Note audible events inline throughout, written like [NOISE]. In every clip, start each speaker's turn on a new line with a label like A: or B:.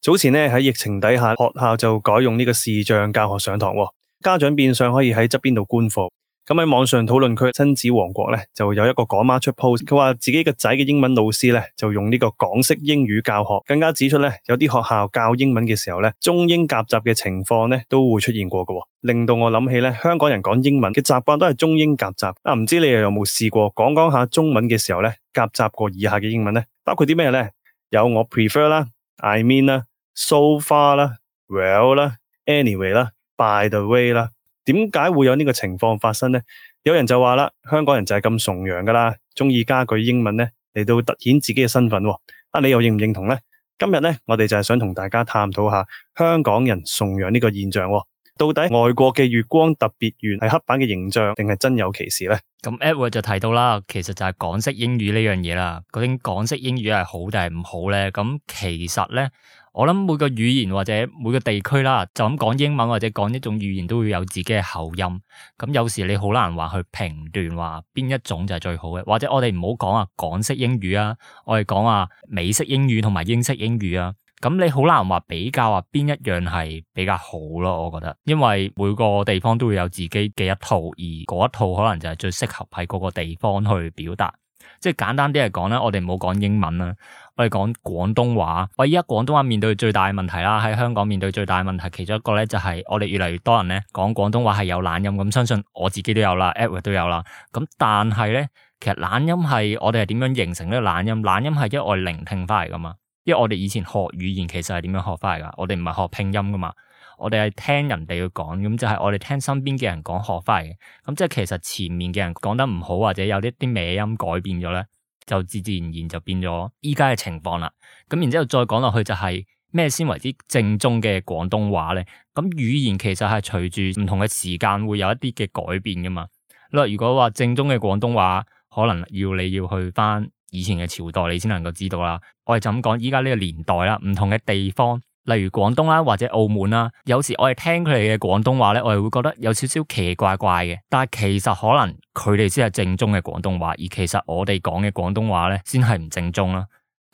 A: 早前呢喺疫情底下，學校就改用呢個視像教學上堂，家長變相可以喺側邊度觀課。咁喺網上討論區，親子王國呢就有一個港媽出 post，佢話自己個仔嘅英文老師呢就用呢個港式英語教學，更加指出呢有啲學校教英文嘅時候呢中英夾雜嘅情況呢都會出現過嘅。令到我諗起呢香港人講英文嘅習慣都係中英夾雜啊。唔知道你又有冇試過講講下中文嘅時候呢夾雜過以下嘅英文呢？包括啲咩呢？有我 prefer 啦，I mean 啦。so far 啦，well 啦，anyway 啦，by the way 啦，點解會有呢個情況發生呢？有人就話啦，香港人就係咁崇洋噶啦，中意加句英文咧嚟到凸顯自己嘅身份。啊，你又認唔認同咧？今日咧，我哋就係想同大家探討下香港人崇洋呢個現象，到底外國嘅月光特別圓，係刻板嘅形象，定係真有其事咧？
B: 咁 Edward 就提到啦，其實就係港式英語呢樣嘢啦，究竟港式英語係好定係唔好咧？咁其實咧。我諗每個語言或者每個地區啦，就咁講英文或者講一種語言，都會有自己嘅口音。咁有時你好難話去評斷話邊一種就係最好嘅。或者我哋唔好講啊，港式英語啊，我哋講啊美式英語同埋英式英語啊。咁你好難話比較話邊一樣係比較好咯。我覺得，因為每個地方都會有自己嘅一套，而嗰一套可能就係最適合喺嗰個地方去表達。即係簡單啲嚟講咧，我哋唔好講英文啦，我哋講廣東話。我依家廣東話面對最大嘅問題啦，喺香港面對最大嘅問題，其中一個咧就係我哋越嚟越多人咧講廣東話係有懶音咁。相信我自己都有啦，Edward 都有啦。咁但係咧，其實懶音係我哋係點樣形成呢個懶音？懶音係因為我哋聆聽翻嚟噶嘛，因為我哋以前學語言其實係點樣學翻嚟噶？我哋唔係學拼音噶嘛。我哋係聽人哋去講，咁就係我哋聽身邊嘅人講學翻嚟嘅，咁即係其實前面嘅人講得唔好，或者有啲啲咩音改變咗咧，就自自然然就變咗依家嘅情況啦。咁然之後再講落去，就係，就係咩先為之正宗嘅廣東話咧？咁語言其實係隨住唔同嘅時間會有一啲嘅改變噶嘛。咁如果話正宗嘅廣東話，可能要你要去翻以前嘅朝代，你先能夠知道啦。我哋就咁講，依家呢個年代啦，唔同嘅地方。例如廣東啦、啊，或者澳門啦、啊，有時我哋聽佢哋嘅廣東話咧，我哋會覺得有少少奇奇怪怪嘅。但係其實可能佢哋先係正宗嘅廣東話，而其實我哋講嘅廣東話咧，先係唔正宗啦、啊。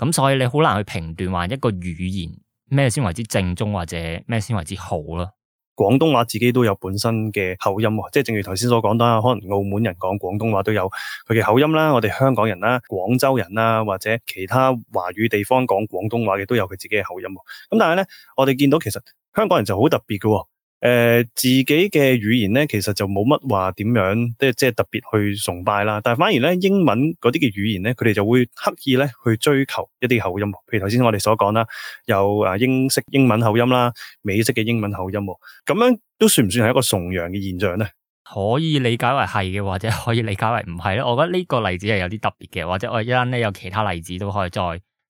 B: 咁所以你好難去評斷話一個語言咩先為之正宗，或者咩先為之好啦、啊。
A: 廣東話自己都有本身嘅口音喎，即正如頭先所講啦，可能澳門人講廣東話都有佢嘅口音啦，我哋香港人啦、廣州人啦或者其他華語地方講廣東話嘅都有佢自己嘅口音喎。咁但係呢，我哋見到其實香港人就好特別㗎喎。誒、呃、自己嘅語言咧，其實就冇乜話點樣，即係即係特別去崇拜啦。但係反而咧，英文嗰啲嘅語言咧，佢哋就會刻意咧去追求一啲口音，譬如頭先我哋所講啦，有誒英式英文口音啦、美式嘅英文口音喎，咁樣都算唔算係一個崇洋
B: 嘅現象咧？可以理解為係嘅，或者可以理解為唔係咧。我覺得呢個例子係有啲特別嘅，或者我一陣咧有其他例子都可以再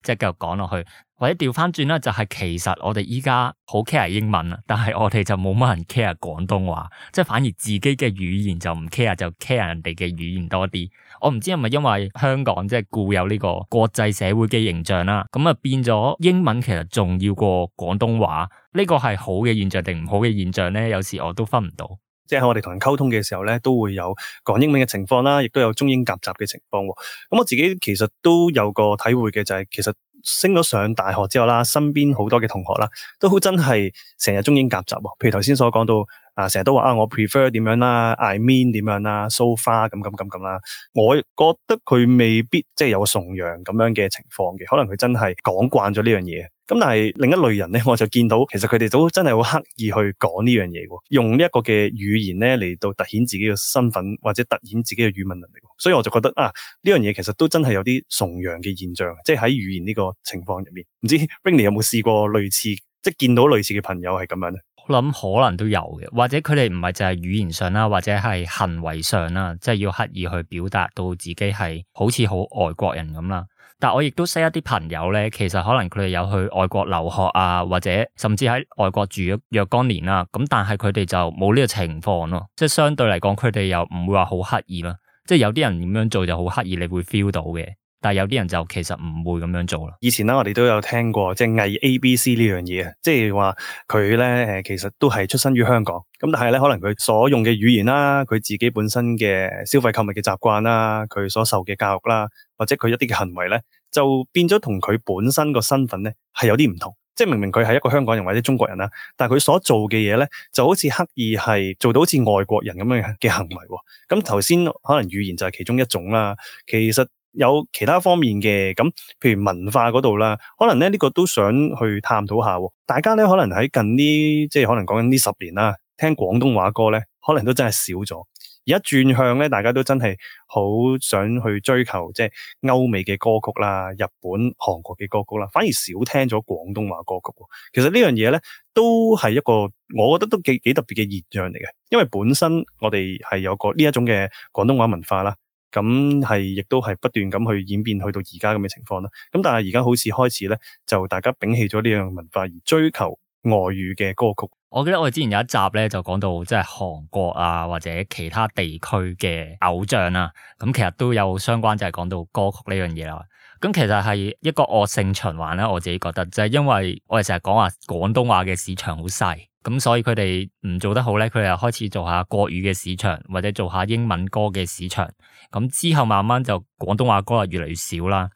B: 即係繼續講落去。或者掉返轉啦，就係其實我哋而家好 care 英文啊，但係我哋就冇乜人 care 廣東話，即係反而自己嘅語言就唔 care，就 care 人哋嘅語言多啲。我唔知係咪因為香港即係固有呢個國際社會嘅形象啦，咁啊變咗英文其實重要過廣東話。呢個係好嘅現象定唔好嘅現象咧？有時我都分唔到。
A: 即係我哋同人溝通嘅時候咧，都會有講英文嘅情況啦，亦都有中英夾雜嘅情況。咁我自己其實都有個體會嘅，就係其實。升咗上大學之後啦，身邊好多嘅同學啦，都好真係成日中英夾雜喎，譬如頭先所講到。啊！成日都話啊，我 prefer 點樣啦，I mean 點樣啦，so far 咁咁咁咁啦。我覺得佢未必即係、就是、有個崇洋咁樣嘅情況嘅，可能佢真係講慣咗呢樣嘢。咁但係另一類人咧，我就見到其實佢哋都真係好刻意去講呢樣嘢，用呢一個嘅語言咧嚟到突顯自己嘅身份或者突顯自己嘅語文能力。所以我就覺得啊，呢樣嘢其實都真係有啲崇洋嘅現象，即係喺語言呢個情況入面。唔知 Rainy 有冇試過類似，即係見到類似嘅朋友係咁樣咧？
B: 我諗可能都有嘅，或者佢哋唔係就係語言上啦，或者係行為上啦，即係要刻意去表達到自己係好似好外國人咁啦。但我亦都識一啲朋友咧，其實可能佢哋有去外國留學啊，或者甚至喺外國住咗若干年啦，啊。咁但係佢哋就冇呢個情況咯，即係相對嚟講，佢哋又唔會話好刻意咯。即係有啲人咁樣做就好刻意，你會 feel 到嘅。但有啲人就其實唔會咁樣做啦。
A: 以前咧，我哋都有聽過、就是、即係偽 A B C 呢樣嘢，即係話佢咧，誒，其實都係出生於香港，咁但係咧可能佢所用嘅語言啦，佢自己本身嘅消費購物嘅習慣啦，佢所受嘅教育啦，或者佢一啲嘅行為咧，就變咗同佢本身個身份咧係有啲唔同。即係明明佢係一個香港人或者中國人啦，但係佢所做嘅嘢咧就好似刻意係做到好似外國人咁樣嘅行為喎。咁頭先可能語言就係其中一種啦，其實。有其他方面嘅咁，譬如文化嗰度啦，可能咧呢呢個都想去探討下。大家咧可能喺近呢，即係可能講緊呢十年啦，聽廣東話歌咧，可能都真係少咗。而家轉向咧，大家都真係好想去追求即係歐美嘅歌曲啦、日本、韓國嘅歌曲啦，反而少聽咗廣東話歌曲。其實呢樣嘢咧，都係一個我覺得都幾幾特別嘅現象嚟嘅，因為本身我哋係有個呢一種嘅廣東話文化啦。咁係，亦都係不斷咁去演變，去到而家咁嘅情況啦。咁但係而家好似開始咧，就大家摒棄咗呢樣文化，而追求外語嘅歌曲。
B: 我記得我哋之前有一集咧就講到，即係韓國啊或者其他地區嘅偶像啦。咁其實都有相關，就係講到歌曲呢樣嘢啦。咁其實係一個惡性循環啦。我自己覺得就係因為我哋成日講話廣東話嘅市場好細。咁所以佢哋唔做得好咧，佢哋又開始做下國語嘅市場，或者做下英文歌嘅市場。咁之後慢慢就廣東話歌啊越嚟越少啦。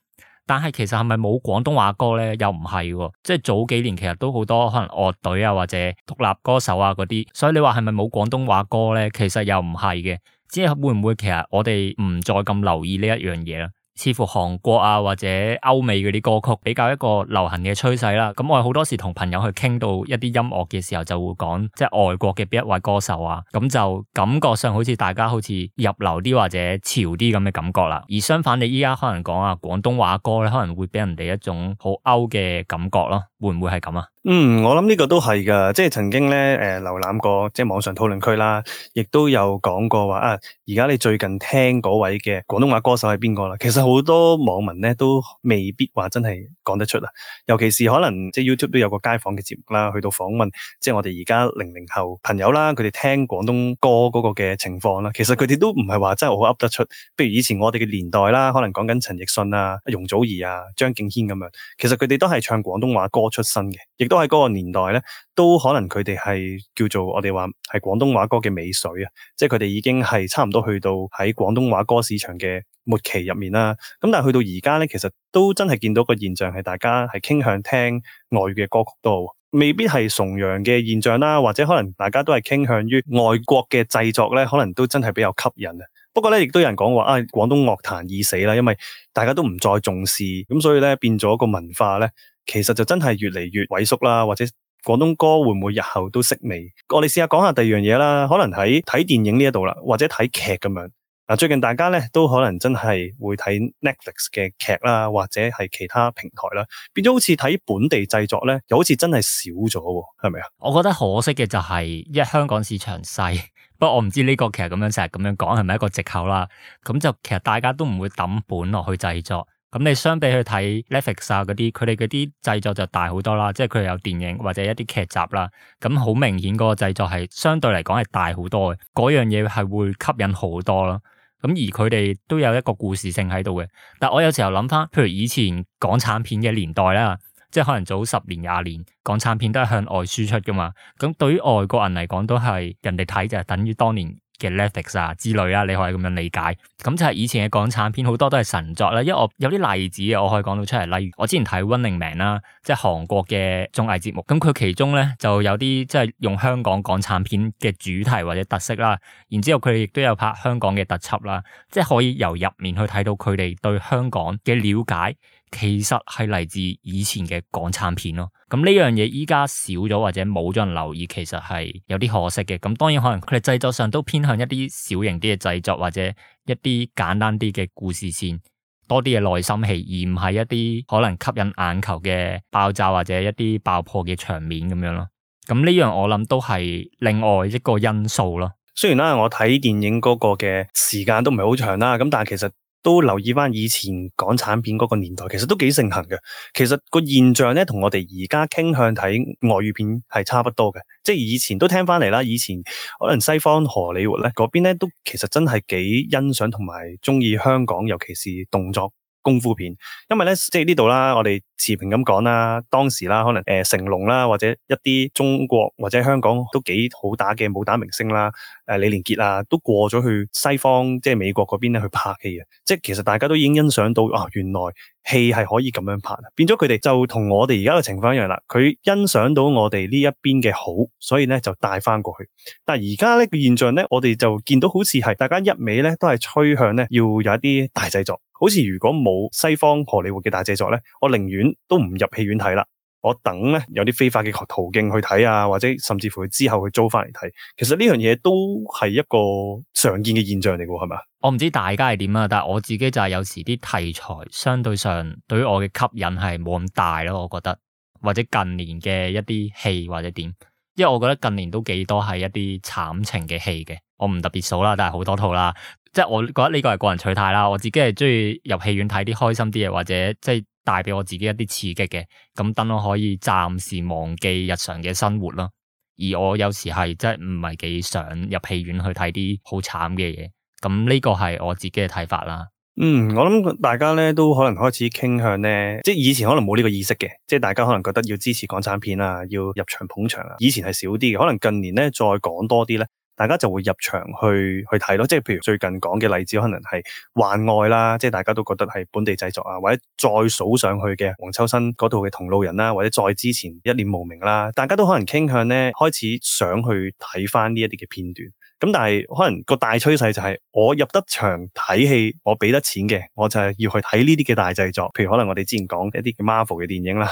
B: 但係其實係咪冇廣東話歌咧？又唔係喎，即係早幾年其實都好多可能樂隊啊或者獨立歌手啊嗰啲。所以你話係咪冇廣東話歌咧？其實又唔係嘅，只係會唔會其實我哋唔再咁留意呢一樣嘢啦？似乎韓國啊或者歐美嗰啲歌曲比較一個流行嘅趨勢啦，咁、嗯、我好多時同朋友去傾到一啲音樂嘅時候，就會講即係外國嘅邊一位歌手啊，咁、嗯、就感覺上好似大家好似入流啲或者潮啲咁嘅感覺啦。而相反，你依家可能講啊廣東話歌咧，可能會俾人哋一種好歐嘅感覺咯，會唔會係咁啊？
A: 嗯，我諗呢個都係噶，即係曾經咧，誒瀏覽過即係網上討論區啦，亦都有講過話啊。而家你最近聽嗰位嘅廣東話歌手係邊個啦？其實好多網民咧都未必話真係講得出啊。尤其是可能即係 YouTube 都有個街訪嘅節目啦，去到訪問即係我哋而家零零後朋友啦，佢哋聽廣東歌嗰個嘅情況啦。其實佢哋都唔係話真係好噏得出。譬如以前我哋嘅年代啦，可能講緊陳奕迅啊、容祖兒啊、張敬軒咁樣，其實佢哋都係唱廣東話歌出身嘅，亦都喺嗰個年代咧，都可能佢哋係叫做我哋話係廣東話歌嘅尾水啊，即係佢哋已經係差唔多去到喺廣東話歌市場嘅末期入面啦。咁但係去到而家咧，其實都真係見到個現象係大家係傾向聽外語嘅歌曲多，未必係崇洋嘅現象啦。或者可能大家都係傾向於外國嘅製作咧，可能都真係比較吸引啊。不過咧，亦都有人講話啊，廣東樂壇已死啦，因為大家都唔再重視，咁所以咧變咗個文化咧。其實就真係越嚟越萎縮啦，或者廣東歌會唔會日後都式微？我哋試下講下第二樣嘢啦，可能喺睇電影呢一度啦，或者睇劇咁樣。嗱，最近大家咧都可能真係會睇 Netflix 嘅劇啦，或者係其他平台啦，變咗好似睇本地製作咧，又好似真係少咗，係咪啊？
B: 我覺得可惜嘅就係因為香港市場細，不過我唔知呢個其實咁樣成日咁樣講係咪一個借口啦。咁就其實大家都唔會抌本落去製作。咁你相比去睇 Netflix 啊嗰啲，佢哋嗰啲製作就大好多啦，即係佢有電影或者一啲劇集啦。咁好明顯嗰個製作係相對嚟講係大好多嘅，嗰樣嘢係會吸引好多咯。咁而佢哋都有一個故事性喺度嘅。但我有時候諗返，譬如以前港產片嘅年代啦，即係可能早十年廿年，港產片都係向外輸出㗎嘛。咁對於外國人嚟講都係人哋睇就係等於當年。嘅 Netflix 啊之類啦，你可以咁樣理解。咁就係以前嘅港產片好多都係神作啦，因為我有啲例子我可以講到出嚟。例如我之前睇 Running Man 啦，即係韓國嘅綜藝節目。咁佢其中呢就有啲即係用香港港產片嘅主題或者特色啦。然之後佢哋亦都有拍香港嘅特輯啦，即係可以由入面去睇到佢哋對香港嘅了解。其實係嚟自以前嘅港產片咯，咁呢樣嘢依家少咗或者冇咗人留意，其實係有啲可惜嘅。咁當然可能佢哋製作上都偏向一啲小型啲嘅製作或者一啲簡單啲嘅故事線，多啲嘅內心戲，而唔係一啲可能吸引眼球嘅爆炸或者一啲爆破嘅場面咁樣咯。咁呢樣我諗都係另外一個因素咯。
A: 雖然咧我睇電影嗰個嘅時間都唔係好長啦，咁但係其實，都留意翻以前港產片嗰個年代，其實都幾盛行嘅。其實個現象呢，同我哋而家傾向睇外語片係差不多嘅。即係以前都聽翻嚟啦，以前可能西方荷里活呢嗰邊呢，都其實真係幾欣賞同埋鍾意香港，尤其是動作、功夫片，因為咧，即係呢度啦，我哋持平咁講啦，當時啦，可能誒、呃，成龍啦，或者一啲中國或者香港都幾好打嘅武打明星啦，誒、呃，李連杰啊，都過咗去西方，即係美國嗰邊咧去拍戲啊，即係其實大家都已經欣賞到啊，原來戲係可以咁樣拍，變咗佢哋就同我哋而家嘅情況一樣啦。佢欣賞到我哋呢一邊嘅好，所以咧就帶翻過去。但係而家呢個現象咧，我哋就見到好似係大家一味咧都係趨向咧要有一啲大製作。好似如果冇西方荷里活嘅大製作咧，我寧願都唔入戲院睇啦。我等咧有啲非法嘅途徑去睇啊，或者甚至乎之後去租翻嚟睇。其實呢樣嘢都係一個常見嘅現象嚟嘅，係咪啊？
B: 我唔知大家係點啊，但係我自己就係有時啲題材相對上對於我嘅吸引係冇咁大咯，我覺得或者近年嘅一啲戲或者點，因為我覺得近年都幾多係一啲慘情嘅戲嘅，我唔特別數啦，但係好多套啦。即係我覺得呢個係個人取態啦，我自己係中意入戲院睇啲開心啲嘢，或者即係帶畀我自己一啲刺激嘅，咁等我可以暫時忘記日常嘅生活咯。而我有時係即係唔係幾想入戲院去睇啲好慘嘅嘢，咁呢個係我自己嘅睇法啦。
A: 嗯，我諗大家咧都可能開始傾向咧，即係以前可能冇呢個意識嘅，即係大家可能覺得要支持港產片啊，要入場捧場啊，以前係少啲嘅，可能近年咧再講多啲咧。大家就會入場去去睇咯，即係譬如最近講嘅例子，可能係《幻愛》啦，即係大家都覺得係本地製作啊，或者再數上去嘅黃秋生嗰度嘅《同路人》啦，或者再之前《一念無明》啦，大家都可能傾向咧，開始想去睇翻呢一啲嘅片段。咁但係可能個大趨勢就係我入得場睇戲，我俾得錢嘅，我就係要去睇呢啲嘅大製作，譬如可能我哋之前講嘅一啲 Marvel 嘅電影啦，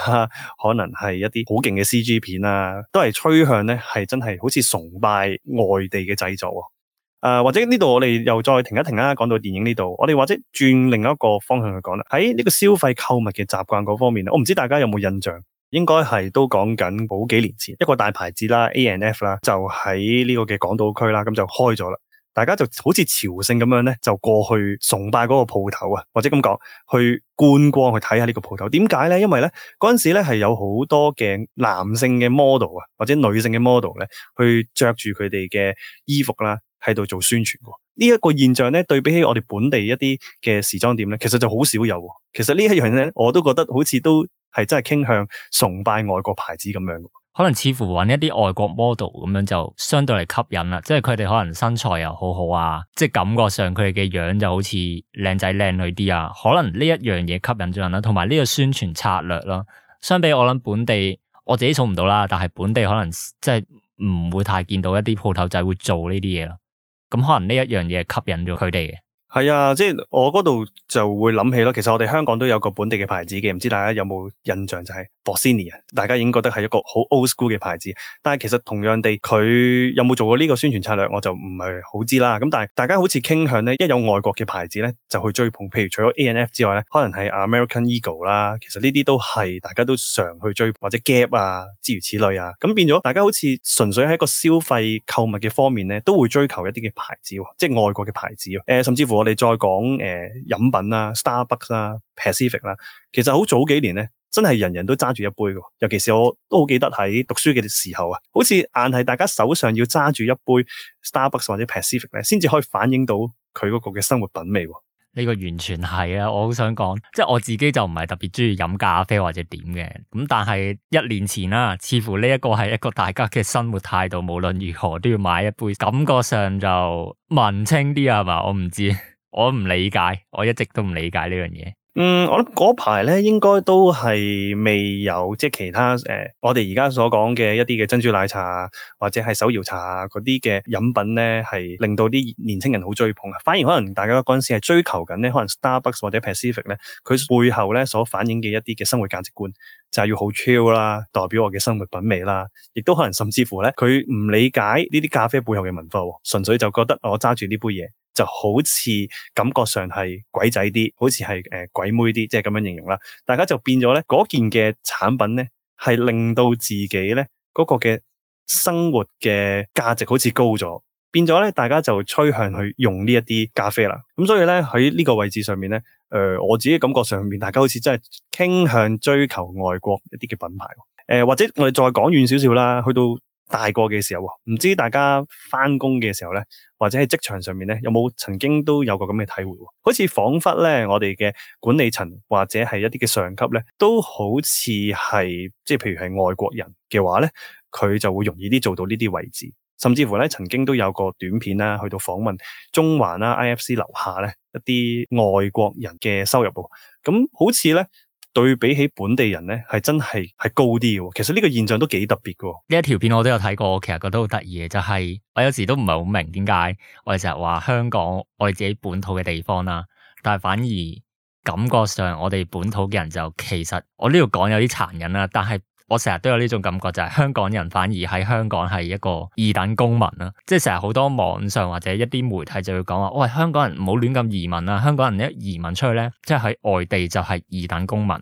A: 可能係一啲好勁嘅 CG 片啦，都係趨向呢係真係好似崇拜外地嘅製作。誒、呃，或者呢度我哋又再停一停啦，講到電影呢度，我哋或者轉另一個方向去講啦。喺呢個消費購物嘅習慣嗰方面，我唔知道大家有冇印象。應該係都講緊好幾年前，一個大牌子啦，A N F 啦，就喺呢個嘅港島區啦，咁就開咗啦。大家就好似朝聖咁樣咧，就過去崇拜嗰個鋪頭啊，或者咁講，去觀光去睇下呢個鋪頭。點解咧？因為咧嗰陣時咧係有好多嘅男性嘅 model 啊，或者女性嘅 model 咧，去着住佢哋嘅衣服啦，喺度做宣傳噶。呢一個現象咧，對比起我哋本地一啲嘅時裝店咧，其實就好少有。其實呢一樣嘢，我都覺得好似都係真係傾向崇拜外國牌子
B: 咁樣。可能似乎揾一啲外國 model 咁樣就相對嚟吸引啦，即係佢哋可能身材又好好啊，即係感覺上佢哋嘅樣就好似靚仔靚女啲啊。可能呢一樣嘢吸引咗人啦，同埋呢個宣傳策略咯。相比我諗本地，我自己做唔到啦，但係本地可能真係唔會太見到一啲鋪頭仔會做呢啲嘢咯。咁可能呢一樣嘢吸引咗佢哋
A: 嘅，係啊，即係我嗰度就會諗起咯。其實我哋香港都有個本地嘅牌子嘅，唔知大家有冇印象就係、是。Bossini 啊，大家已經覺得係一個好 old school 嘅牌子，但係其實同樣地，佢有冇做過呢個宣傳策略，我就唔係好知啦。咁但係大家好似傾向咧，一有外國嘅牌子咧，就去追捧。譬如除咗 A&F 之外咧，可能係 American Eagle 啦，其實呢啲都係大家都常去追或者 Gap 啊，諸如此類啊。咁變咗大家好似純粹喺一個消費購物嘅方面咧，都會追求一啲嘅牌子喎，即外國嘅牌子喎、呃。甚至乎我哋再講誒、呃、飲品啦，Starbucks 啦，Pacific 啦，其實好早幾年呢。真係人人都揸住一杯喎，尤其是我都好記得喺讀書嘅時候啊，好似硬係大家手上要揸住一杯 Starbucks 或者 Pacific
B: 咧，先至可以反映到佢嗰個嘅生活品味喎。呢個完全係啊！我好想講，即係我自己就唔係特別中意飲咖啡或者點嘅，咁但係一年前啦、啊，似乎呢一個係一個大家嘅生活態度，無論如何都要買一杯，感覺上就文青啲係嘛？我唔知，我唔理解，我一直都唔理解呢樣嘢。
A: 嗯，我諗嗰排咧，應該都係未有即係其他誒、呃，我哋而家所講嘅一啲嘅珍珠奶茶或者係手搖茶嗰啲嘅飲品咧，係令到啲年輕人好追捧。反而可能大家嗰陣時係追求緊咧，可能 Starbucks 或者 Pacific 咧，佢背後咧所反映嘅一啲嘅生活價值觀。就要好 chill 啦，代表我嘅生活品味啦，亦都可能甚至乎咧，佢唔理解呢啲咖啡背後嘅文化，純粹就覺得我揸住呢杯嘢就好似感覺上係鬼仔啲，好似係誒鬼妹啲，即係咁樣形容啦。大家就變咗咧，嗰件嘅產品咧係令到自己咧嗰個嘅生活嘅價值好似高咗。變咗咧，大家就趨向去用呢一啲咖啡啦。咁所以咧喺呢個位置上面咧，誒、呃，我自己感覺上面，大家好似真係傾向追求外國一啲嘅品牌。誒、呃，或者我哋再講遠少少啦，去到大個嘅時候，唔知大家翻工嘅時候咧，或者喺職場上面咧，有冇曾經都有過咁嘅體會？好似仿佛咧，我哋嘅管理層或者係一啲嘅上級咧，都好似係即係，譬如係外國人嘅話咧，佢就會容易啲做到呢啲位置。甚至乎呢，曾經都有個短片啦，去到訪問中環啦、IFC 樓下呢一啲外國人嘅收入喎。咁好似呢，對比起本地人呢，係真係係高啲嘅。其實呢個現象
B: 都幾特別嘅。呢一條片我都有睇過，我其實覺得好得意嘅，就係我有時都唔係好明點解我哋成日話香港我哋自己本土嘅地方啦，但係反而感覺上我哋本土嘅人就其實我呢度講有啲殘忍啦，但係。我成日都有呢種感覺，就係、是、香港人反而喺香港係一個二等公民啦，即係成日好多網上或者一啲媒體就會講話，喂，香港人唔好亂咁移民啦，啊，香港人一移民出去咧，即係喺外地就係二等公民。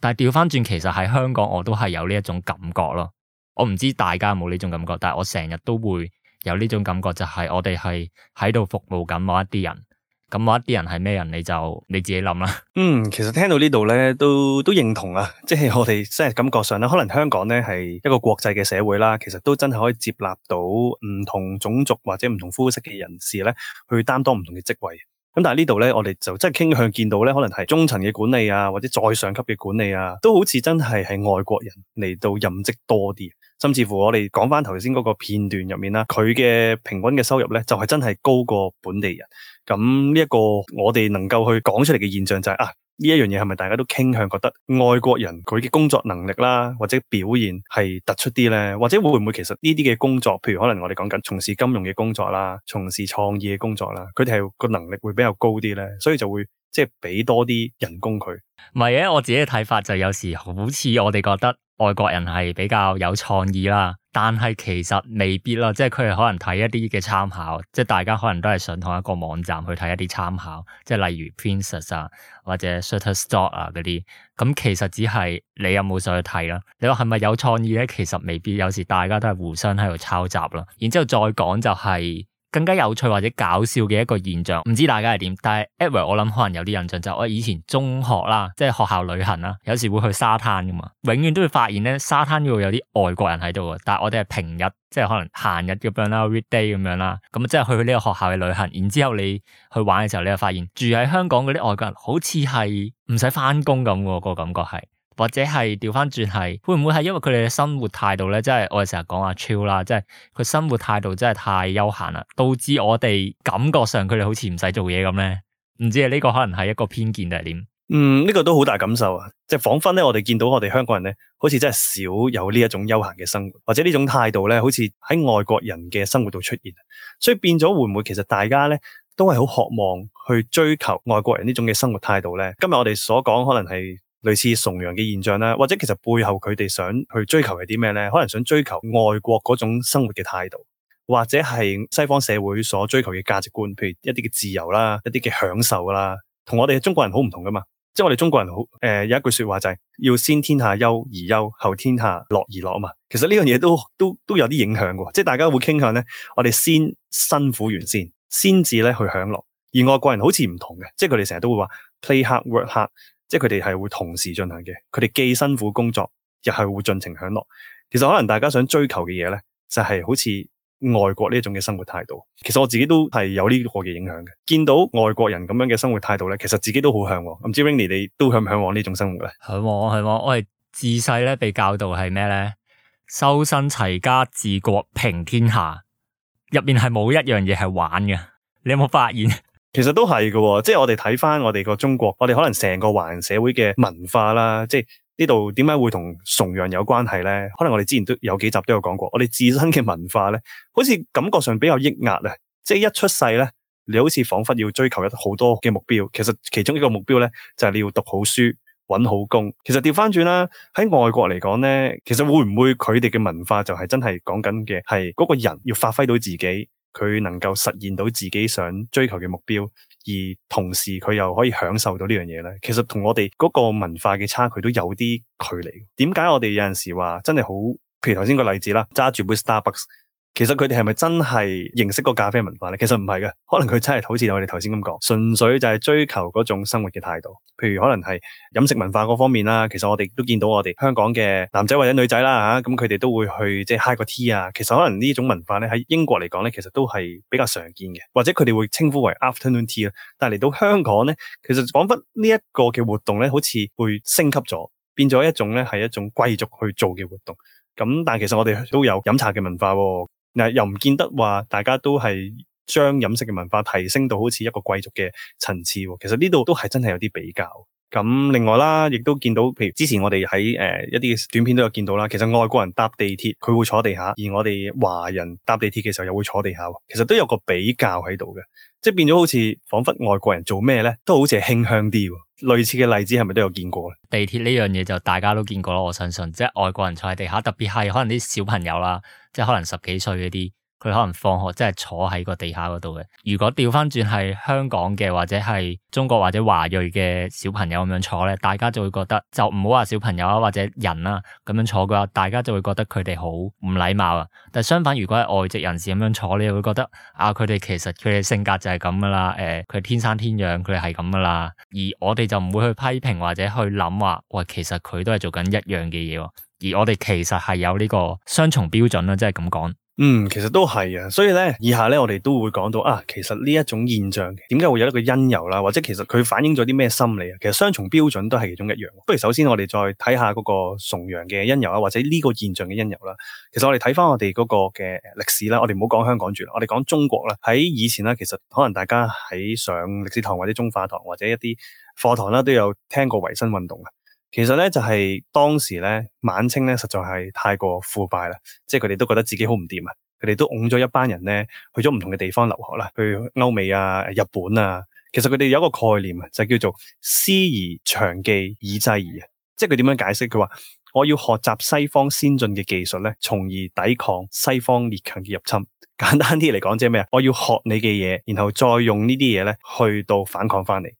B: 但係掉返轉，其實喺香港我都係有呢一種感覺咯。我唔知大家有冇呢種感覺？但係我成日都會有呢種感覺，就係、是、我哋係喺度服務緊某一啲人。咁我一啲人係咩人，你就你自己諗啦。嗯，
A: 其實聽到呢度咧，都都認同啊，即係我哋即係感覺上咧，可能香港咧係一個國際嘅社會啦，其實都真係可以接納到唔同種族或者唔同膚色嘅人士咧，去擔當唔同嘅職位。咁但係呢度咧，我哋就真係傾向見到咧，可能係中層嘅管理啊，或者再上級嘅管理啊，都好似真係係外國人嚟到任職多啲。甚至乎我哋講翻頭先嗰個片段入面啦，佢嘅平均嘅收入咧，就係真係高過本地人。咁呢一個我哋能夠去講出嚟嘅現象就係啊，呢一樣嘢係咪大家都傾向覺得外國人佢嘅工作能力啦，或者表現係突出啲咧？或者會唔會其實呢啲嘅工作，譬如可能我哋講緊從事金融嘅工作啦，從事創意嘅工作啦，佢哋係個能力會比較高啲咧？所以就會即係俾多啲人工佢。
B: 唔係啊，我自己嘅睇法就有時好似我哋覺得。外國人係比較有創意啦，但係其實未必啦，即係佢哋可能睇一啲嘅參考，即係大家可能都係上同一個網站去睇一啲參考，即係例如 Pinterest 啊或者 Shutterstock 啊嗰啲，咁其實只係你有冇上去睇啦？你話係咪有創意咧？其實未必，有時大家都係互相喺度抄襲啦。然之後再講就係、是。更加有趣或者搞笑嘅一個現象，唔知大家係點？但係 Edward 我諗可能有啲印象，就我以前中學啦，即係學校旅行啦，有時會去沙灘㗎嘛，永遠都會發現咧，沙灘嗰度有啲外國人喺度，啊。但係我哋係平日，即係可能閒日咁樣啦，weekday 咁樣啦，咁即係去呢個學校嘅旅行，然之後你去玩嘅時候，你就發現住喺香港嗰啲外國人好似係唔使翻工咁喎，個感覺係。或者係調翻轉係，會唔會係因為佢哋嘅生活態度咧，真係我哋成日講阿 Chill 啦，即係佢、啊、生活態度真係太悠閒啦，導致我哋感覺上佢哋好似唔使做嘢咁咧？唔知係呢、這個可能係一個偏見定係點？
A: 嗯，呢、這個都好大感受啊！即、就、係、是、仿佛咧，我哋見到我哋香港人咧，好似真係少有呢一種悠閒嘅生活，或者呢種態度咧，好似喺外國人嘅生活度出現，所以變咗會唔會其實大家咧都係好渴望去追求外國人呢種嘅生活態度咧？今日我哋所講可能係。類似崇洋嘅現象啦，或者其實背後佢哋想去追求係啲咩咧？可能想追求外國嗰種生活嘅態度，或者係西方社會所追求嘅價值觀，譬如一啲嘅自由啦，一啲嘅享受啦，同我哋中國人好唔同噶嘛。即係我哋中國人好誒、呃、有一句說話就係、是、要先天下憂而憂，後天下樂而樂啊嘛。其實呢樣嘢都都都有啲影響嘅，即係大家會傾向咧，我哋先辛苦完先，先至咧去享樂。而外國人好似唔同嘅，即係佢哋成日都會話 Play hard work hard。即係佢哋係會同時進行嘅，佢哋既辛苦工作，又係會盡情享樂。其實可能大家想追求嘅嘢咧，就係好似外國呢種嘅生活態度。其實我自己都係有呢個嘅影響嘅。見到外國人咁樣嘅生活態度咧，其實自己都好向往。唔知 Rainy 你
B: 都向唔向往呢種生活嘅？向往，向往。我係自細咧被教導係咩咧？修身齊家治國平天下，入面係冇一樣嘢係玩嘅。你有冇發現？其實都係㗎喎，即係我哋睇翻我哋個中國，我哋可能成個
A: 華人社會嘅文化啦，即係呢度點解會同崇洋有關係呢？可能我哋之前都有幾集都有講過，我哋自身嘅文化呢，好似感覺上比較抑壓啊！即係一出世呢，你好似彷彿要追求一好多嘅目標。其實其中一個目標呢，就係你要讀好書、揾好工。其實調翻轉啦，喺外國嚟講呢，其實會唔會佢哋嘅文化就係真係講緊嘅係嗰個人要發揮到自己？佢能夠實現到自己想追求嘅目標，而同時佢又可以享受到呢樣嘢咧。其實同我哋嗰個文化嘅差距都有啲距離。點解我哋有陣時話真係好？譬如頭先個例子啦，揸住杯 Starbucks。其實佢哋係咪真係認識過咖啡文化呢？其實唔係嘅，可能佢真係好似我哋頭先咁講，純粹就係追求嗰種生活嘅態度。譬如可能係飲食文化嗰方面啦，其實我哋都見到我哋香港嘅男仔或者女仔啦嚇，咁佢哋都會去即係 high 個 tea 啊。其實可能呢一種文化咧喺英國嚟講咧，其實都係比較常見嘅，或者佢哋會稱呼為 afternoon tea。但係嚟到香港呢，其實彷彿呢一個嘅活動咧，好似會升級咗，變咗一種咧係一種貴族去做嘅活動。咁、嗯、但其實我哋都有飲茶嘅文化喎、啊。又唔見得話，大家都係將飲食嘅文化提升到好似一個貴族嘅層次。其實呢度都係真係有啲比較。咁另外啦，亦都見到，譬如之前我哋喺誒一啲短片都有見到啦。其實外國人搭地鐵佢會坐地下，而我哋華人搭地鐵嘅時候又會坐地下，其實都有個比較喺度嘅，即係變咗好似仿佛外國人做咩咧，都好似係清香啲。類似嘅例
B: 子係咪都有見過？地鐵呢樣嘢，就大家都見過囉，我相信，即係外國人坐喺地下，特別係可能啲小朋友啦，即係可能十幾歲嗰啲。佢可能放學真係、就是、坐喺個地下嗰度嘅。如果調翻轉係香港嘅，或者係中國或者華裔嘅小朋友咁樣坐咧，大家就會覺得就唔好話小朋友啊或者人啦、啊、咁樣坐嘅話，大家就會覺得佢哋好唔禮貌啊。但相反，如果係外籍人士咁樣坐，你又會覺得啊，佢哋其實佢哋性格就係咁噶啦。誒、呃，佢天生天養，佢係咁噶啦。而我哋就唔會去批評或者去諗話，喂，其實佢都係做緊一樣嘅嘢。而我哋其實係有呢個雙重標準囉，即係咁講。
A: 嗯，其實都係啊，所以咧，以下咧，我哋都會講到啊，其實呢一種現象點解會有一個因由啦，或者其實佢反映咗啲咩心理啊？其實雙重標準都係其中一樣。不如首先我哋再睇下嗰個崇洋嘅因由啦，或者呢個現象嘅因由啦。其實我哋睇返我哋嗰個嘅歷史啦，我哋唔好講香港住啦，我哋講中國啦。喺以前咧，其實可能大家喺上歷史堂或者中化堂或者一啲課堂啦，都有聽過維新運動嘅。其實咧就係當時咧，晚清咧實在係太過腐敗啦，即係佢哋都覺得自己好唔掂啊，佢哋都㧬咗一班人咧，去咗唔同嘅地方留學啦，去歐美啊、日本啊。其實佢哋有一個概念啊，就叫做師夷長技以制夷啊，即係佢點樣解釋？佢話我要學習西方先進嘅技術咧，從而抵抗西方列強嘅入侵。簡單啲嚟講，即係咩啊？我要學你嘅嘢，然後再用呢啲嘢咧去到反抗翻嚟。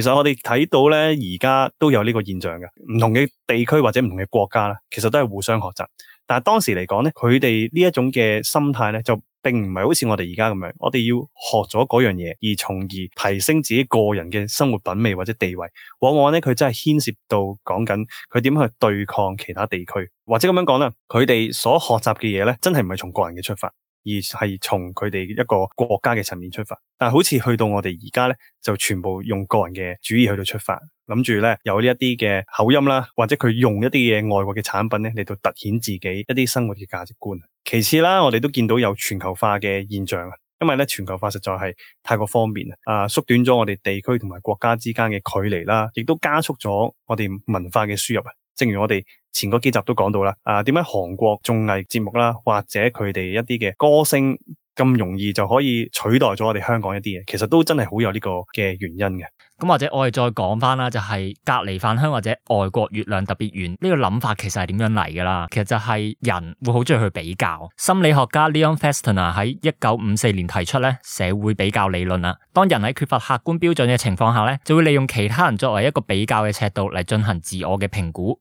A: 其實我哋睇到呢，而家都有呢個現象嘅，唔同嘅地區或者唔同嘅國家呢，其實都係互相學習。但係當時嚟講呢，佢哋呢一種嘅心態呢，就並唔係好似我哋而家咁樣，我哋要學咗嗰樣嘢而從而提升自己個人嘅生活品味或者地位，往往呢，佢真係牽涉到講緊佢點去對抗其他地區，或者咁樣講呢，佢哋所學習嘅嘢呢，真係唔係從個人嘅出發。而係從佢哋一個國家嘅層面出發，但好似去到我哋而家咧，就全部用個人嘅主意去到出發，諗住咧有呢一啲嘅口音啦，或者佢用一啲嘅外國嘅產品咧嚟到凸顯自己一啲生活嘅價值觀。其次啦，我哋都見到有全球化嘅現象，因為咧全球化實在係太過方便啊，縮短咗我哋地區同埋國家之間嘅距離啦，亦都加速咗我哋文化嘅輸入。正如我哋前個幾集都講到啦，啊點解韓國綜藝節目啦，或者佢哋一啲嘅歌星咁容易就可以取代咗我哋香港一啲嘢？其實都真係好有呢個嘅原因嘅。
B: 咁、嗯、或者我哋再講翻啦，就係、是、隔離飯香或者外國月亮特別圓呢、這個諗法，其實係點樣嚟㗎啦？其實就係人會好中意去比較。心理學家 Leon Festinger 喺一九五四年提出咧社會比較理論啦。當人喺缺乏客觀標準嘅情況下咧，就會利用其他人作為一個比較嘅尺度嚟進行自我嘅評估。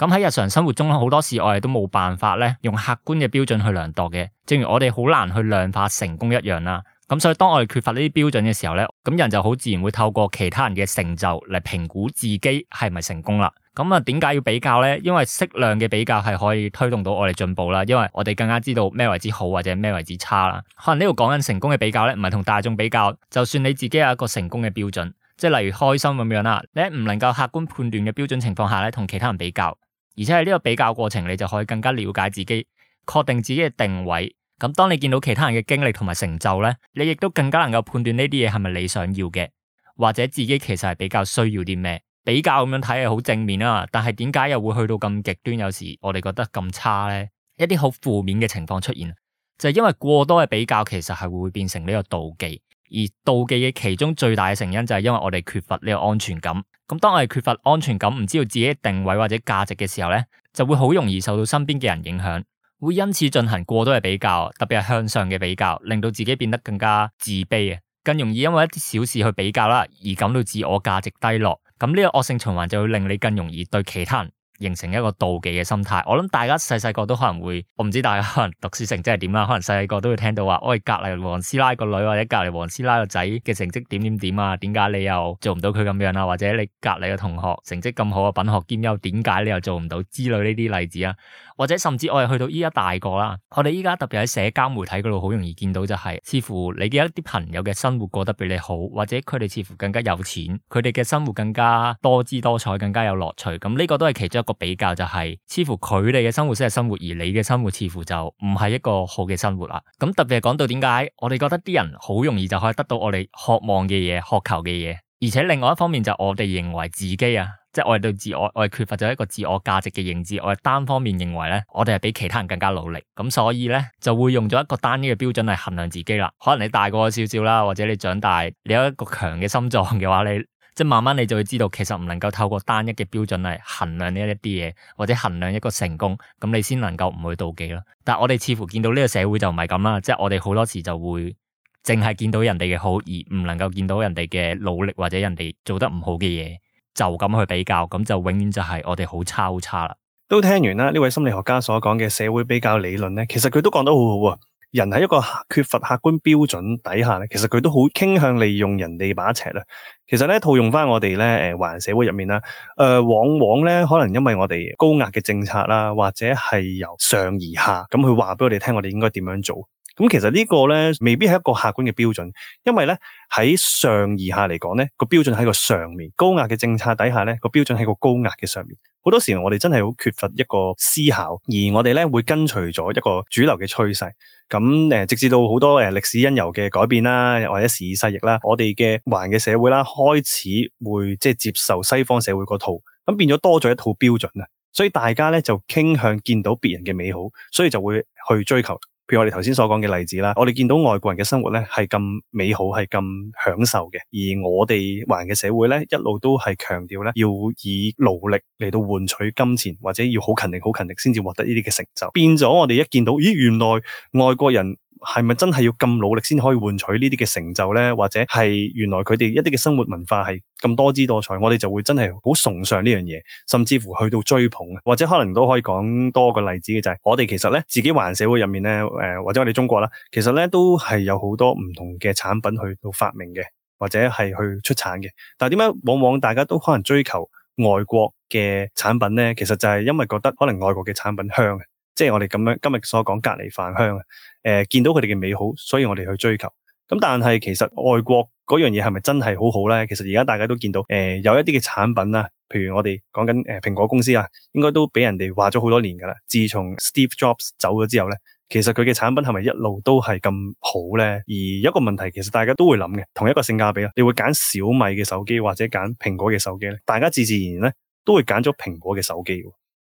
B: 咁喺日常生活中好多事我哋都冇辦法咧，用客觀嘅標準去量度嘅。正如我哋好難去量化成功一樣啦。咁所以當我哋缺乏呢啲標準嘅時候咧，咁人就好自然會透過其他人嘅成就嚟評估自己係咪成功啦。咁啊，點解要比較咧？因為適量嘅比較係可以推動到我哋進步啦。因為我哋更加知道咩為之好或者咩為之差啦。可能呢度講緊成功嘅比較咧，唔係同大眾比較，就算你自己有一個成功嘅標準，即係例如開心咁樣啦，你喺唔能夠客觀判斷嘅標準情況下咧，同其他人比較。而且喺呢個比較過程，你就可以更加了解自己，確定自己嘅定位。咁當你見到其他人嘅經歷同埋成就咧，你亦都更加能夠判斷呢啲嘢係咪你想要嘅，或者自己其實係比較需要啲咩？比較咁樣睇係好正面啦，但係點解又會去到咁極端？有時我哋覺得咁差咧，一啲好負面嘅情況出現，就係因為過多嘅比較，其實係會變成呢個妒忌。而妒忌嘅其中最大嘅成因就係因為我哋缺乏呢個安全感。咁當我哋缺乏安全感，唔知道自己嘅定位或者價值嘅時候咧，就會好容易受到身邊嘅人影響，會因此進行過多嘅比較，特別係向上嘅比較，令到自己變得更加自卑啊，更容易因為一啲小事去比較啦，而感到自我價值低落。咁呢個惡性循環就會令你更容易對其他人。形成一個妒忌嘅心態，我諗大家細細個都可能會，我唔知大家可能讀書成績係點啦，可能細細個都會聽到話，哎隔離黃師奶個女或者隔離黃師奶個仔嘅成績點點點啊，點解你又做唔到佢咁樣啊？或者你隔離嘅同學成績咁好啊，品學兼優，點解你又做唔到之類呢啲例子啊？或者甚至我係去到依家大個啦，我哋依家特別喺社交媒體嗰度好容易見到就係，似乎你嘅一啲朋友嘅生活過得比你好，或者佢哋似乎更加有錢，佢哋嘅生活更加多姿多彩，更加有樂趣，咁呢個都係其中一個比較就係，似乎佢哋嘅生活先係生活，而你嘅生活似乎就唔係一個好嘅生活啦。咁特別係講到點解，我哋覺得啲人好容易就可以得到我哋渴望嘅嘢，渴求嘅嘢，而且另外一方面就我哋認為自己啊，即係我哋對自我，我哋缺乏咗一個自我價值嘅認知，我哋單方面認為咧，我哋係比其他人更加努力，咁所以咧就會用咗一個單一嘅標準嚟衡量自己啦。可能你大個少少啦，或者你長大，你有一個強嘅心臟嘅話，你。即係慢慢你就會知道，其實唔能夠透過單一嘅標準嚟衡量呢一啲嘢，或者衡量一個成功，咁你先能夠唔會妒忌咯。但係我哋似乎見到呢個社會就唔係咁啦，即係我哋好多時就會淨係見到人哋嘅好，而唔能夠見到人哋嘅努力或者人哋做得唔好嘅嘢，就咁去比較，咁就永遠就係我哋好差好差啦。
A: 都聽完啦，呢位心理學家所講嘅社會比較理論咧，其實佢都講得好好啊。人喺一個缺乏客觀標準底下，其實佢都好傾向利用人哋把尺，其實套用返我哋咧，華人社會入面、呃、往往可能因為我哋高壓嘅政策或者係由上而下咁，佢話俾我哋聽，我哋應該點樣做？咁其實呢個咧，未必係一個客觀嘅標準，因為咧喺上而下嚟講咧，個標準喺個上面，高壓嘅政策底下咧，個標準係個高壓嘅上面。好多時候我哋真係好缺乏一個思考，而我哋咧會跟隨咗一個主流嘅趨勢。咁誒，直至到好多誒歷史因由嘅改變啦，又或者時勢逆啦，我哋嘅環嘅社會啦，開始會即係接受西方社會個套，咁變咗多咗一套標準啊。所以大家咧就傾向見到別人嘅美好，所以就會去追求。譬如我哋頭先所講嘅例子啦，我哋見到外國人嘅生活呢係咁美好，係咁享受嘅，而我哋華人嘅社會呢，一路都係強調呢，要以勞力嚟到換取金錢，或者要好勤力好勤力先至獲得呢啲嘅成就，變咗我哋一見到，咦，原來外國人。係咪真係要咁努力先可以換取呢啲嘅成就咧？或者係原來佢哋一啲嘅生活文化係咁多姿多彩，我哋就會真係好崇尚呢樣嘢，甚至乎去到追捧。或者可能都可以講多個例子嘅就係、是，我哋其實咧自己華人社會入面咧，誒、呃、或者我哋中國啦，其實咧都係有好多唔同嘅產品去到發明嘅，或者係去出產嘅。但係點解往往大家都可能追求外國嘅產品咧？其實就係因為覺得可能外國嘅產品香。即係我哋咁樣今日所講隔離飯香，誒、呃、見到佢哋嘅美好，所以我哋去追求。咁但係其實外國嗰樣嘢係咪真係好好咧？其實而家大家都見到，誒、呃、有一啲嘅產品啊，譬如我哋講緊誒蘋果公司啊，應該都俾人哋話咗好多年噶啦。自從 Steve Jobs 走咗之後咧，其實佢嘅產品係咪一路都係咁好咧？而有一個問題，其實大家都會諗嘅，同一個性價比啊，你會揀小米嘅手機或者揀蘋果嘅手機咧？大家自自然然咧都會揀咗蘋果嘅手機。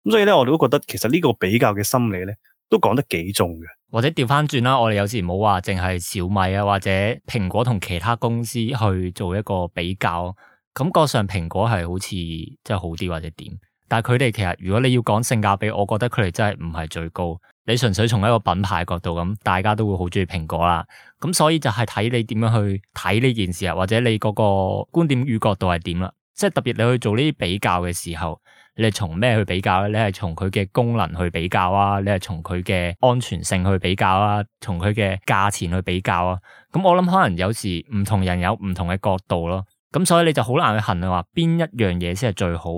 A: 所以咧，我哋都覺得其實呢個比較嘅心理咧，都講得幾重嘅。
B: 或者調翻轉啦，我哋有時唔好話淨係小米啊，或者蘋果同其他公司去做一個比較，感覺上蘋果係好似即係好啲或者點。但係佢哋其實如果你要講性價比，我覺得佢哋真係唔係最高。你純粹從一個品牌角度咁，大家都會好中意蘋果啦。咁所以就係睇你點樣去睇呢件事啊，或者你嗰個觀點與角度係點啦。即係特別你去做呢啲比較嘅時候。你係從咩去比較咧？你係從佢嘅功能去比較啊？你係從佢嘅安全性去比較啊？從佢嘅價錢去比較啊？咁我諗可能有時唔同人有唔同嘅角度咯。咁所以你就好難去衡量話邊一樣嘢先係最好，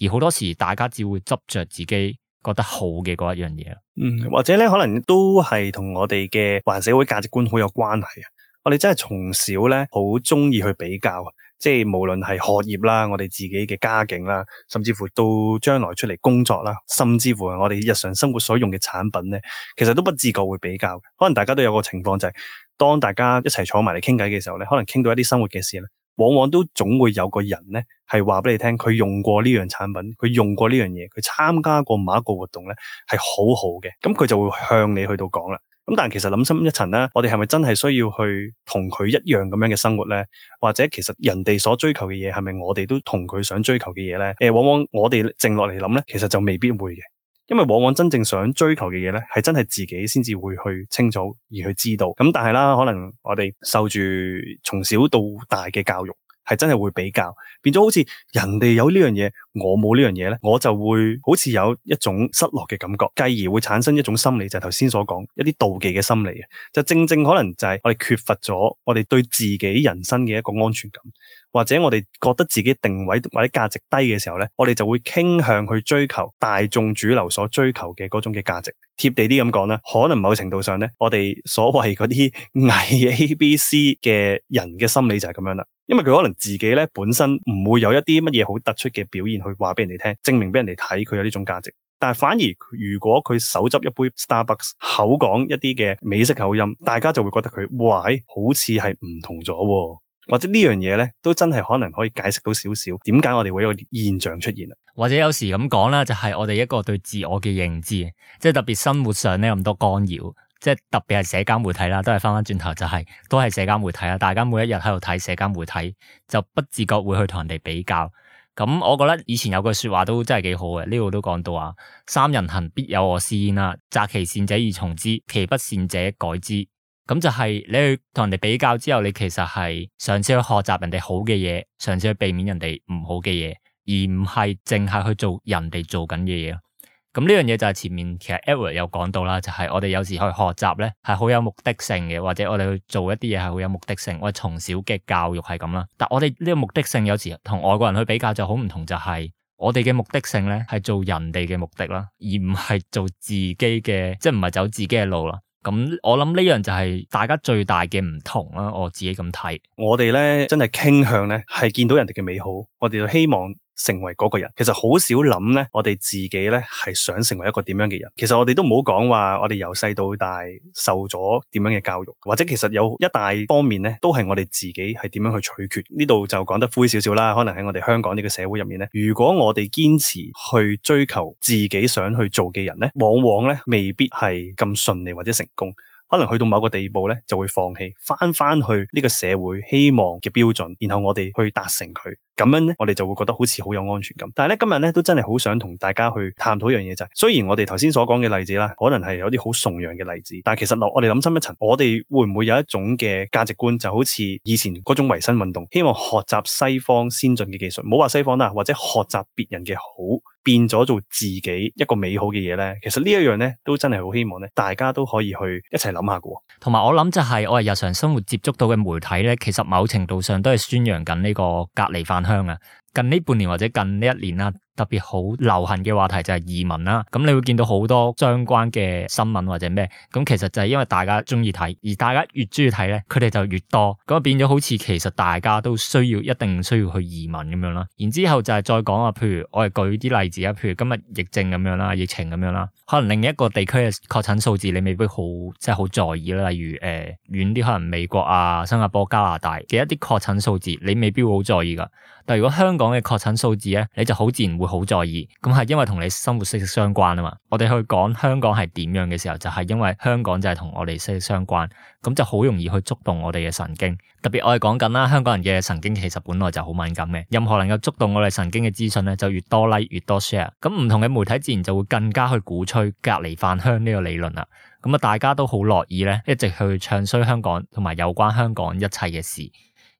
B: 而好多時大家只會執着自己覺得好嘅嗰一樣嘢。嗯，或
A: 者咧可能都係同我哋嘅華人社會價值觀好有關係啊。我哋真係從小咧好中意去比較。即係無論係學業啦、我哋自己嘅家境啦，甚至乎到將來出嚟工作啦，甚至乎係我哋日常生活所用嘅產品咧，其實都不自覺會比較嘅。可能大家都有個情況就係，當大家一齊坐埋嚟傾偈嘅時候咧，可能傾到一啲生活嘅事咧，往往都總會有個人咧係話俾你聽，佢用過呢樣產品，佢用過呢樣嘢，佢參加過某一個活動咧係好好嘅，咁佢就會向你去到講啦。咁但係其實諗深一層咧，我哋係咪真係需要去同佢一樣咁樣嘅生活呢？或者其實人哋所追求嘅嘢係咪我哋都同佢想追求嘅嘢呢？誒，往往我哋靜落嚟諗呢，其實就未必會嘅，因為往往真正想追求嘅嘢呢，係真係自己先至會去清楚而去知道。咁但係啦，可能我哋受住從小到大嘅教育。係真係會比較變咗，好似人哋有呢樣嘢，我冇呢樣嘢呢，我就會好似有一種失落嘅感覺，繼而會產生一種心理，就係頭先所講一啲妒忌嘅心理。就正正可能就係我哋缺乏咗我哋對自己人生嘅一個安全感，或者我哋覺得自己定位或者價值低嘅時候呢，我哋就會傾向去追求大眾主流所追求嘅嗰種嘅價值。貼地啲咁講呢，可能某程度上呢，我哋所謂嗰啲僞 ABC 嘅人嘅心理就係咁樣啦。因為佢可能自己咧本身唔會有一啲乜嘢好突出嘅表現去話俾人哋聽，證明俾人哋睇佢有呢種價值。但係反而如果佢手執一杯 Starbucks，口講一啲嘅美式口音，大家就會覺得佢，哇，好似係唔同
B: 咗。或者呢樣嘢咧，都真係可能可以解釋到少少，點解我哋會有現象出現啊？或者有時咁講啦，就係我哋一個對自我嘅認知，即係特別生活上咧咁多干擾。即係特別係社交媒體啦，都係翻返轉頭就係、是、都係社交媒體啦。大家每一日喺度睇社交媒體，就不自覺會去同人哋比較。咁我覺得以前有句説話都真係幾好嘅，呢個都講到啊：三人行，必有我師焉啦。擇其善者而從之，其不善者改之。咁就係你去同人哋比較之後，你其實係嘗試去學習人哋好嘅嘢，嘗試去避免人哋唔好嘅嘢，而唔係淨係去做人哋做緊嘅嘢。咁呢樣嘢就係前面其實 Edward 有講到啦，就係我哋有時去學習咧係好有目的性嘅，或者我哋去做一啲嘢係好有目的性。我哋從小嘅教育係咁啦，但我哋呢個目的性有時同外國人去比較就好唔同，就係我哋嘅目的性咧係做人哋嘅目的啦，而唔係做自己嘅，即係唔係走自己嘅路啦。咁我諗呢樣就係大家最大嘅唔同啦，我自己咁睇。
A: 我哋咧真係傾向咧係見到人哋嘅美好，我哋就希望成為嗰個人，其實好少諗呢。我哋自己呢係想成為一個點樣嘅人。其實我哋都唔好講話，我哋由細到大受咗點樣嘅教育，或者其實有一大方面呢都係我哋自己係點樣去取決。呢度就講得灰少少啦。可能喺我哋香港呢個社會入面呢，如果我哋堅持去追求自己想去做嘅人呢，往往呢未必係咁順利或者成功。可能去到某個地步呢，就會放棄，返返去呢個社會希望嘅標準，然後我哋去達成佢。咁樣咧，我哋就會覺得好似好有安全感。但係咧，今日咧都真係好想同大家去探討一樣嘢，就係雖然我哋頭先所講嘅例子啦，可能係有啲好崇洋嘅例子，但係其實我哋諗深一層，我哋會唔會有一種嘅價值觀，就好似以前嗰種維新運動，希望學習西方先進嘅技術，唔好話西方啦，或者學習別人嘅好變咗做自己一個美好嘅嘢咧。其實呢一樣咧，都真係好希望咧，大家都可以去一齊諗下嘅。
B: 同埋我諗就係、是、我係日常生活接觸到嘅媒體咧，其實某程度上都係宣揚緊呢個隔離飯香啊！近呢半年或者近呢一年啦、啊，特別好流行嘅話題就係移民啦、啊。咁你會見到好多相關嘅新聞或者咩？咁其實就係因為大家中意睇，而大家越中意睇咧，佢哋就越多。咁變咗好似其實大家都需要一定需要去移民咁樣啦、啊。然之後就係再講啊，譬如，我哋舉啲例子啊，譬如今日疫症咁樣啦、啊，疫情咁樣啦、啊，可能另一個地區嘅確診數字你未必好即係好在意啦、啊。例如誒、呃、遠啲，可能美國啊、新加坡、加拿大嘅一啲確診數字，你未必會好在意噶。但係如果香港嘅確診數字咧，你就好自然會好在意，咁係因為同你生活息息相關啊嘛。我哋去講香港係點樣嘅時候，就係因為香港就係同我哋息息相關，咁就好容易去觸動我哋嘅神經。特別我哋講緊啦，香港人嘅神經其實本來就好敏感嘅，任何能夠觸動我哋神經嘅資訊咧，就越多 like，越多 share。咁唔同嘅媒體自然就會更加去鼓吹隔離飯香呢個理論啦。咁啊，大家都好樂意咧，一直去唱衰香港同埋有關香港一切嘅事。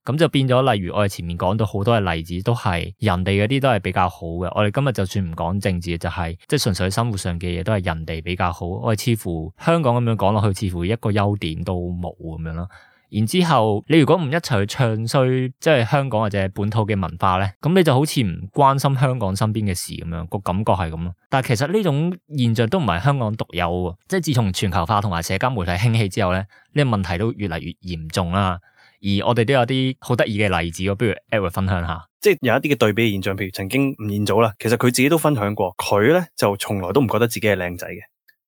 B: 咁就變咗，例如我哋前面講到好多嘅例子，都係人哋嗰啲都係比較好嘅。我哋今日就算唔講政治，就係，就係即係純粹生活上嘅嘢，都係人哋比較好。我哋似乎香港咁樣講落去，似乎一個優點都冇咁樣咯。然之後，你如果唔一齊去唱衰，即係香港或者本土嘅文化咧，咁你就好似唔關心香港身邊嘅事咁樣，個感覺係咁咯。但係其實呢種現象都唔係香港獨有，即係自從全球化同埋社交媒體興起之後咧，呢個問題都越嚟越嚴重啦。而我哋都有啲好得意嘅例子，不如 Edward 分享下，
A: 即係有一啲嘅對比的現象。譬如曾經吳彥祖啦，其實佢自己都分享過，佢咧就從來都唔覺得自己係靚仔嘅。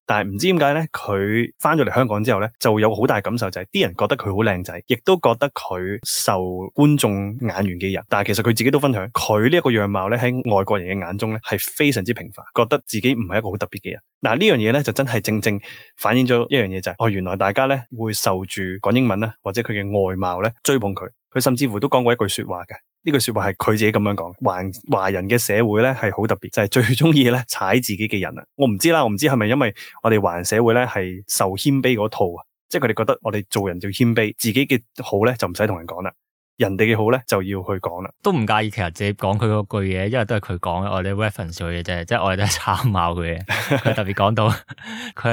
A: 但係唔知點解呢，佢返咗嚟香港之後呢，就有好大的感受就係、是、啲人覺得佢好靚仔，亦都覺得佢受觀眾眼緣嘅人。但係其實佢自己都分享，佢呢一個樣貌呢喺外國人嘅眼中呢係非常之平凡，覺得自己唔係一個好特別嘅人。嗱，呢樣嘢呢就真係正正反映咗一樣嘢就係，哦，原來大家呢會受住講英文啦，或者佢嘅外貌呢追捧佢。佢甚至乎都講過一句説話嘅。呢句説話係佢自己咁樣講，華華人嘅社會呢係好特別，就係最鍾意踩自己嘅人。我唔知啦，我唔知係咪因為我哋華人社會呢係受謙卑嗰套啊，即係佢哋覺得我哋做人要謙卑，自己嘅好呢就唔使同人講
B: 啦。人哋嘅好咧，就要去講啦。都唔介意，其實直接講佢嗰句嘢，因為都係佢講嘅，我哋 reference 佢嘅啫，即係我哋都係參考佢嘅。佢特別講到，佢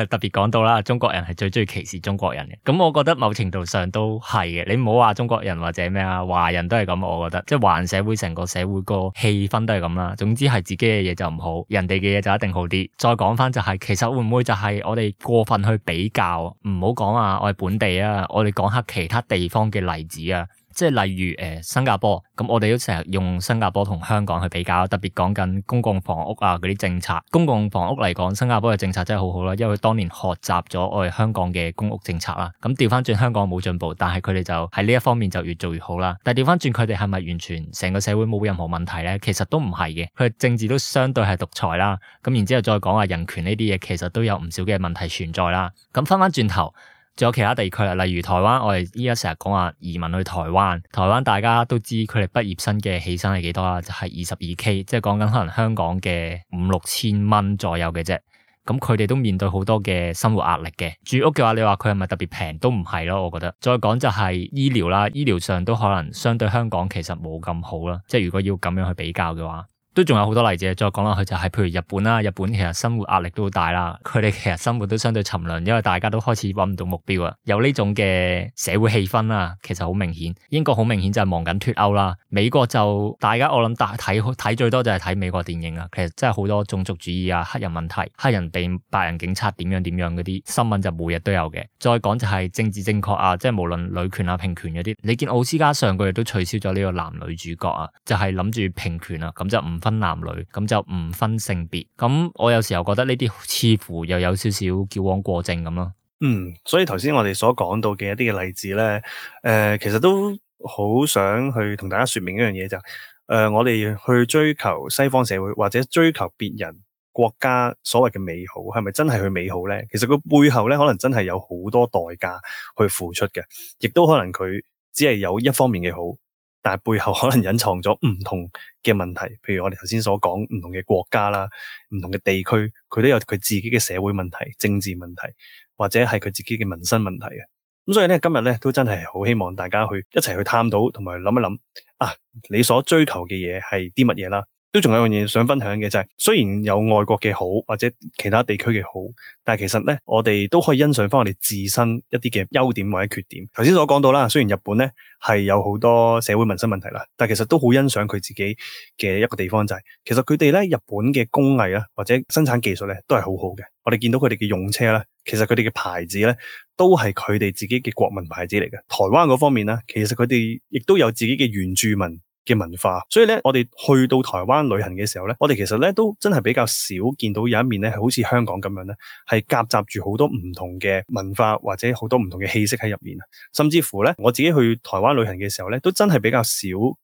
B: 係 [LAUGHS] [LAUGHS] 特別講到啦，中國人係最中意歧視中國人嘅。咁我覺得某程度上都係嘅。你唔好話中國人或者咩啊，華人都係咁，我覺得即係華人社會成個社會個氣氛都係咁啦。總之係自己嘅嘢就唔好，人哋嘅嘢就一定好啲。再講翻就係，其實會唔會就係我哋過分去比較？唔好講啊，我哋本地啊，我哋講下其他地方嘅例子啊。即係例如誒新加坡，咁我哋都成日用新加坡同香港去比較，特別講緊公共房屋啊嗰啲政策。公共房屋嚟講，新加坡嘅政策真係好好啦，因為佢當年學習咗我哋香港嘅公屋政策啦。咁調翻轉香港冇進步，但係佢哋就喺呢一方面就越做越好啦。但係調翻轉佢哋係咪完全成個社會冇任何問題咧？其實都唔係嘅，佢政治都相對係獨裁啦。咁然之後再講下人權呢啲嘢，其實都有唔少嘅問題存在啦。咁翻翻轉頭。仲有其他地區啊，例如台灣，我哋依家成日講話移民去台灣，台灣大家都知佢哋畢業生嘅起薪係幾多啦？就係二十二 K，即係講緊可能香港嘅五六千蚊左右嘅啫。咁佢哋都面對好多嘅生活壓力嘅，住屋嘅話，你話佢係咪特別平都唔係咯？我覺得。再講就係醫療啦，醫療上都可能相對香港其實冇咁好啦，即係如果要咁樣去比較嘅話。都仲有好多例子，再講落去就係譬如日本啦，日本其實生活壓力都好大啦，佢哋其實生活都相對沉淪，因為大家都開始揾唔到目標啊，有呢種嘅社會氣氛啊，其實好明顯。英國好明顯就係忙緊脫歐啦，美國就大家我諗大睇睇最多就係睇美國電影啊，其實真係好多種族主義啊，黑人問題，黑人被白人警察點樣點樣嗰啲新聞就每日都有嘅。再講就係政治正確啊，即係無論女權啊、平權嗰啲啊，你見奧斯卡上個月都取消咗呢個男女主角啊，就係諗住平權啊，咁就唔。分男女咁，就唔分性別咁，我有時候覺得呢啲似乎又有少少矯枉過正咁咯。嗯，
A: 所以頭先我哋所講到嘅一啲嘅例子咧，誒、呃，其實都好想去同大家說明一樣嘢就是，誒、呃，我哋去追求西方社會或者追求別人國家所謂嘅美好，係咪真係去美好咧？其實個背後咧，可能真係有好多代價去付出嘅，亦都可能佢只係有一方面嘅好。但係背後可能隱藏咗唔同嘅問題，譬如我哋頭先所講唔同嘅國家啦，唔同嘅地區，佢都有佢自己嘅社會問題、政治問題，或者係佢自己嘅民生問題啊。咁所以呢，今日呢，都真係好希望大家去一齊去探討，同埋諗一諗啊，你所追求嘅嘢係啲乜嘢啦？都仲有一樣嘢想分享嘅就係，雖然有外國嘅好或者其他地區嘅好，但係其實呢，我哋都可以欣賞返我哋自身一啲嘅優點或者缺點。頭先所講到啦，雖然日本呢係有好多社會民生問題啦，但係其實都好欣賞佢自己嘅一個地方就係，其實佢哋呢日本嘅工藝啦或者生產技術呢都係好好嘅。我哋見到佢哋嘅用車啦，其實佢哋嘅牌子呢都係佢哋自己嘅國民牌子嚟嘅。台灣嗰方面呢，其實佢哋亦都有自己嘅原住民。嘅文化，所以咧，我哋去到台灣旅行嘅時候咧，我哋其實咧都真係比較少見到有一面咧，係好似香港咁樣咧，係夾雜住好多唔同嘅文化或者好多唔同嘅氣息喺入面啊。甚至乎咧，我自己去台灣旅行嘅時候咧，都真係比較少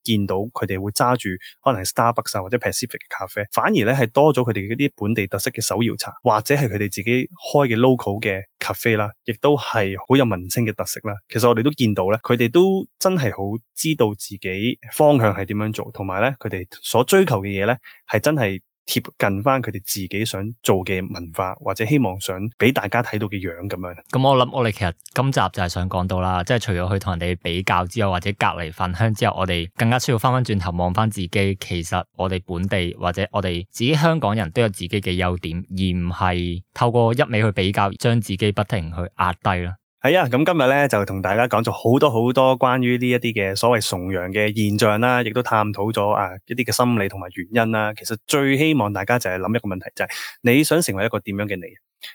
A: 見到佢哋會揸住可能係 Starbucks 啊或者 Pacific 嘅咖啡，反而咧係多咗佢哋嗰啲本地特色嘅手搖茶或者係佢哋自己開嘅 local 嘅咖啡啦，亦都係好有文青嘅特色啦。其實我哋都見到咧，佢哋都真係好知道自己方向係點樣做，同埋咧佢哋所追求嘅嘢咧係真係。貼近翻佢哋自己想做嘅文化，或者希望想俾大家睇到嘅樣咁樣。
B: 咁我諗我哋其實今集就係想講到啦，即係除咗去同人哋比較之後，或者隔離飯香之後，我哋更加需要翻翻轉頭望翻自己。其實我哋本地或者我哋自己香港人都有自己嘅優點，而唔係透過一味去比較，將自己不停去壓低啦。
A: 係啊，咁今日咧就同大家講咗好多好多關於呢一啲嘅所謂崇洋嘅現象啦，亦都探討咗啊一啲嘅心理同埋原因啦。其實最希望大家就係諗一個問題，就係、是、你想成為一個點樣嘅你？誒、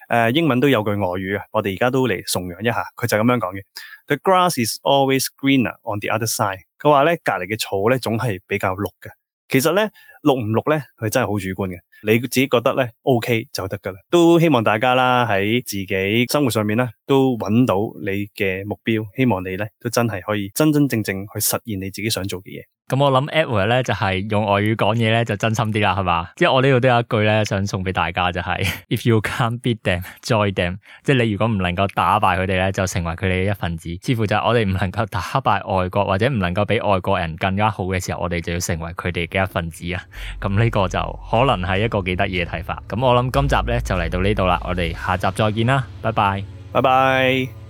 A: 呃，英文都有句外語啊，我哋而家都嚟崇洋一下，佢就咁樣講嘅：The grass is always greener on the other side。佢話咧隔籬嘅草咧總係比較綠嘅。其實咧。錄唔錄咧？佢真係好主觀嘅，你自己覺得咧 OK 就得噶啦。都希望大家啦，喺自己生活上面咧都揾到你嘅目標，希望你咧都真係可以真真正正去實現你自己想做嘅嘢。
B: 咁、嗯、我諗 Edward 咧，就係、是，用外語講嘢咧就真心啲啦，係嘛？即係我呢度都有一句咧想送俾大家就係、是、If you can't beat them, join them。即係你如果唔能夠打敗佢哋咧，就成為佢哋嘅一份子。似乎就係我哋唔能夠打敗外國或者唔能夠比外國人更加好嘅時候，我哋就要成為佢哋嘅一份子啊！咁呢個就可能係一個幾得意嘅睇法。咁我諗今集呢就嚟到呢度啦，我哋下集再見啦，拜拜，
A: 拜拜。